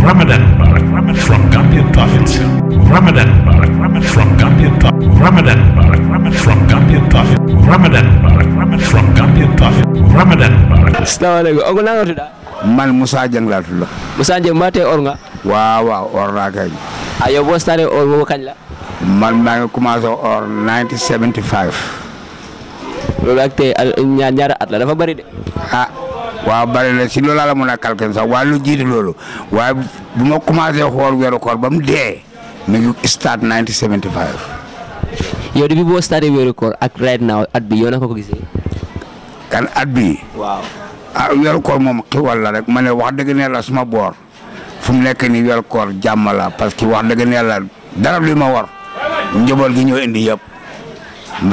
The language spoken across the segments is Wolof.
Ramadan Mubarak Ramadan from Gambian Province Ramadan Mubarak Ramadan from Gambian Province Ramadan Mubarak Ramadan from Gambian Ramadan Ramadan from Gambian Ramadan tuda man Musa la tuda Musa or nga or kay ayo bo stare or bo kañ la man ma commencé or 1975 lolou ak tay ñaar at la dafa bari de ah waaw bari na si loolaa la mën a calculer sax waaye lu jiitu loolu waaye bu ma commencé xool weeru koor ba mu dee mi ngi start 1975. yow depuis boo starté weeru koor ak right now at bi yow na ko ko gisee. kan at bi waaw ah weeru moom xiwal la rek ma ne wax dëgg ne la suma boor fu mu nekk ni weeru koor jàmm parce que wax dëgg ne la dara li ma war njaboot gi ñoo indi yëpp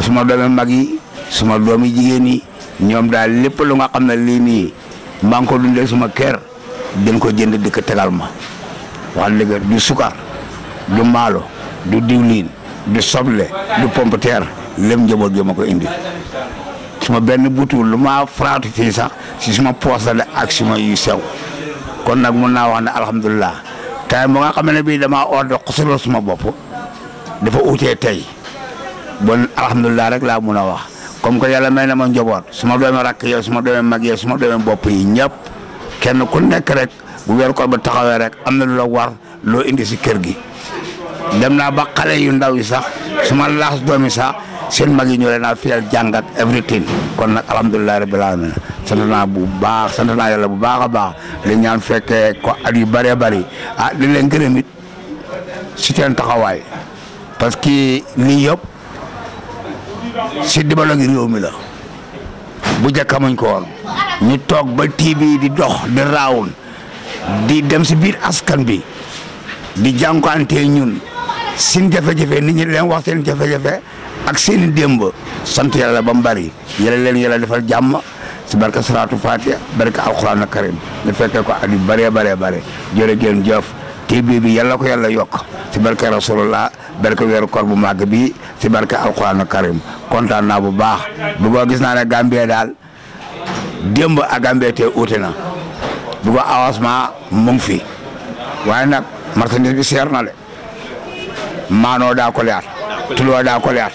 suma doomi mag yi suma doomi jigéen ñoom daal lépp lu nga xam ne lii nii maa ngi ko dundee suma kër dañ ko jënd di ko tegal ma wax dëgg du sukar du maalo du diwlin du soble du pompeteer lépp njaboot gi ko indi suma benn butu lu ma fraatu fii sax si suma poos la ak suma yu sew kon nag mun naa wax ne alhamdulilah tay mu nga xam ne bii damaa ordre xusulal suma bopp dafa uutee tey bon alhamdulilah rek laa mun a wax. comme que yalla may na ma njobot suma doome rak yow ya, suma doome mag yow ya, suma doome bop yi ñep kenn ku nekk rek bu wër ko ba taxawé rek amna lu war lo indi ci kër gi dem na ba xalé yu ndaw yi sax suma laas doomi sax seen mag yi ñu leena fiyal everything kon nak alhamdullilah rabbil alamin sant bu baax sant na yàlla bu baaxa baax li ñaan fekke ko at yu bëree ah di leen gërëm it si seen parce que ni yop si dimbalak réew mi la bu jëkk xamuñ ko ñu tok ba tv di dox di rawul di dem ci bir askan bi di jankante ñun sin jafé jafé ni ñi leen wax sen jafé jafé ak sen demb sant yalla ba mbari yalla leen yalla defal jamm ci barka salatu fatiha barka alquran karim ne fekke ko adi bare bare bare jere gene hibbi bi yàlla ko yàlla yokk ci barke rasulullah barke weeru koor bu màgg bi ci barke alquran karim kontaan naa bu baax bu ko gis naa ne Gambie daal démb ak Gambie te uute na bu ko avancement mu fi waaye nag marchandise bi seer na le maanoo daa ko leer tuloo daa ko leer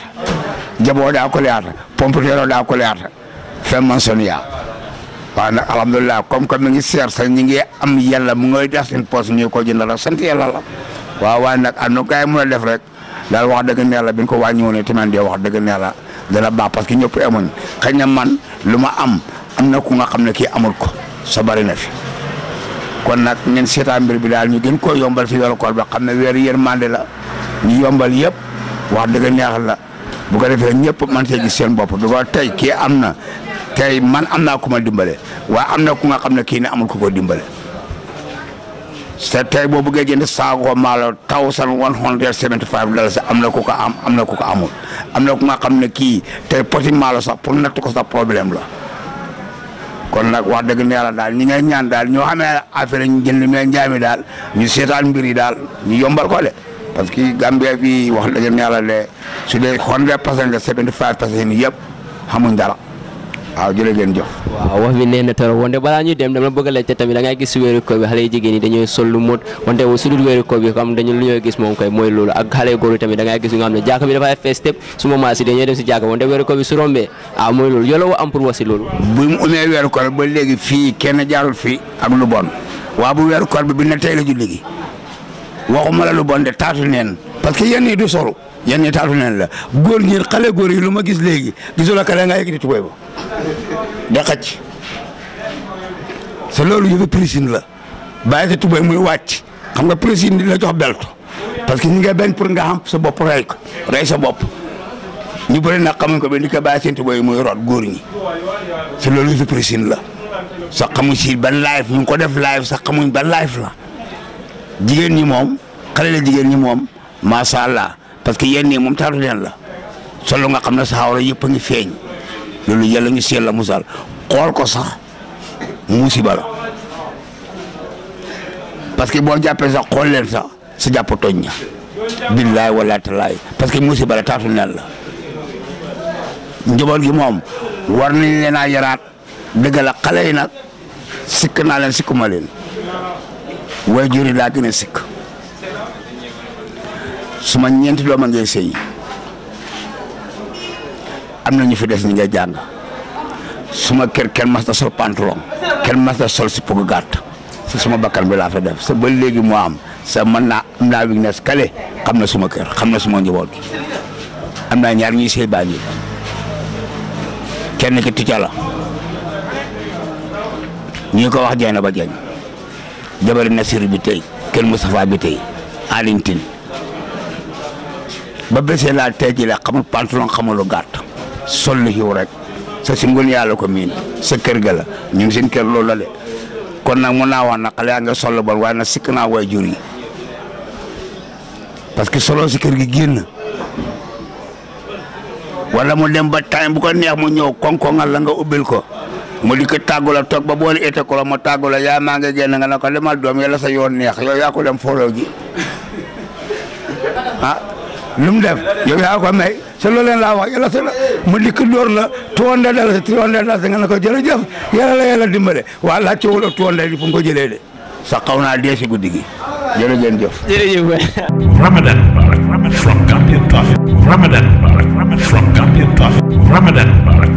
jaboo daa ko leer pompitéeroo daa ko leer fem man soniya waaye alam alhamdulilah comme que ngi ser sa ñi ngi am yalla mu ngay def seen poos ñu ko jëndal sant yalla la wa wa nak anu na mu def rek dal wax deug ne yàlla bi ko wañu ne timan di wax deug ne yàlla dana ba parce que ñëpp amoon xagna man luma am amna na ku nga xamne ki amul ko sa bari na fi kon nak ñen setan bir bi dal ñu gën ko yombal fi yoro koor ba xamne wër weer yërmande la ñu yombal yépp wax deug neex la bu ko defé ñëpp man see gis seen bop du ko tay ki amna tey man am naa ku ma dimbale waaye am na ku nga xam ne kii ne amul ku ko dimbale te tey boo bëggee jënd saako maalo thousand one hundred seventy five dollars am na ku ko am am na ku ko amul am na ku nga xam ne kii tey poti maalo sax pour natt ko sax problème la kon nag wax dëgg ne yàlla daal ñi ngay ñaan daal ñoo xamee affaire ñu jënd mee njaami daal ñu seetaan mbir yi daal ñu yombal ko de parce que Gambia bi wax dëgg ne yàlla de su dee hundred percent seventy five percent yëpp xamuñ dara waaw jërë ngeen jëf. waaw wax bi neex na trop wante balaa ñuy dem dama bëgg a laajte tamit da gis si wéeru koor bi xale yu jigéen ñi dañuy sol lu wante su dul wéeru koor bi xam dañu lu ñuy gis bi dafay fees tëb su ma maas yi dem si jàkka wante wéeru koor bi su rombee ah mooy loolu yooloo am pour wax si bu umee wéeru koor ba léegi fii kenn jaarul fii ak lu waa bu wéeru koor bi bi na tey la julli gi waxuma la de taatu neen parce que yenn yi du solo yenn yi taatu neen la góor ñi xale góor yi lu ma gis léegi gisul ak kale nga yegg di tubéy ba da xacc loolu yëfu piscine la bàyyi sa tubéy muy wàcc xam nga piscine di la jox belto parce que ñi nga benn pour nga xam sa bopp rey ko rey sa bopp ñu bëri nag xamuñ ko ba ni ko bàyyi seen tubéy muy root góor ñi te loolu yëfu piscine la sax xamuñ si ban live ñu ko def live sax xamuñ ban live la jigéen ñi moom xale la jigéen ñi moom. macha allah parce que yéen ñii moom taatu leen la solo nga xam ne sa awra yëpp a ngi feeñ loolu yàlla ngi si la musal xool ko sax musiba la parce que boo jàppee sax xool leen sax sa jàpp tooñ ña billaay wala talaay parce que musiba la taatu leen la njaboot gi moom war nañ leen a yaraat dëgg la xale yi nag sikk naa leen sikkuma leen way juri laa gën a sikk suma ñeent doom a ngay sëy am na ñu fi des ñu ngay jàng suma kër kenn mas na sol pantalon kenn mas sol si pug gàtt si suma bakkan bi laa fa def sa ba léegi moo am sa mën naa am naa kale xam na suma kër xam na suma njaboot am naa ñaar ñuy sëy baa ngi kenn ki ticca la ñi ko wax jay na ba jeñ jabari Nasir bi tey kenn Moustapha bi tey Alintin ba bésee laa tey ji la xamul pantalon xamulu gàtt sol lu xiw rek sa si ngun ko miin sa kër ga la ñun seen kër loolu la de kon nag mu naa wax na xale yaa nga sol lu bon waaye nag sikk naa way jur parce que solo si kër gi génn wala mu dem ba time bu ko neex mu ñëw konkongal la nga ubbil ko mu di ko tàggu toog ba boole ete ko la mu tàggu la yaa maa ngi génn nga ne ko demal doom yàlla sa yoon neex yow yaa dem foloo ji ah lu mu def yow yaa ko may sa loolu leen laa wax yàlla sa la mu dikk door la tuwande dal sa tuwande dal sa nga ne ko jërëjëf yàlla la yàlla dimbale waa laa ci wala tuwande di fu nga ko jëlee de sa xaw naa dee si guddi gi jërëjëf jëf jërëjëf Ramadan Ramadan from Ramadan Ramadan from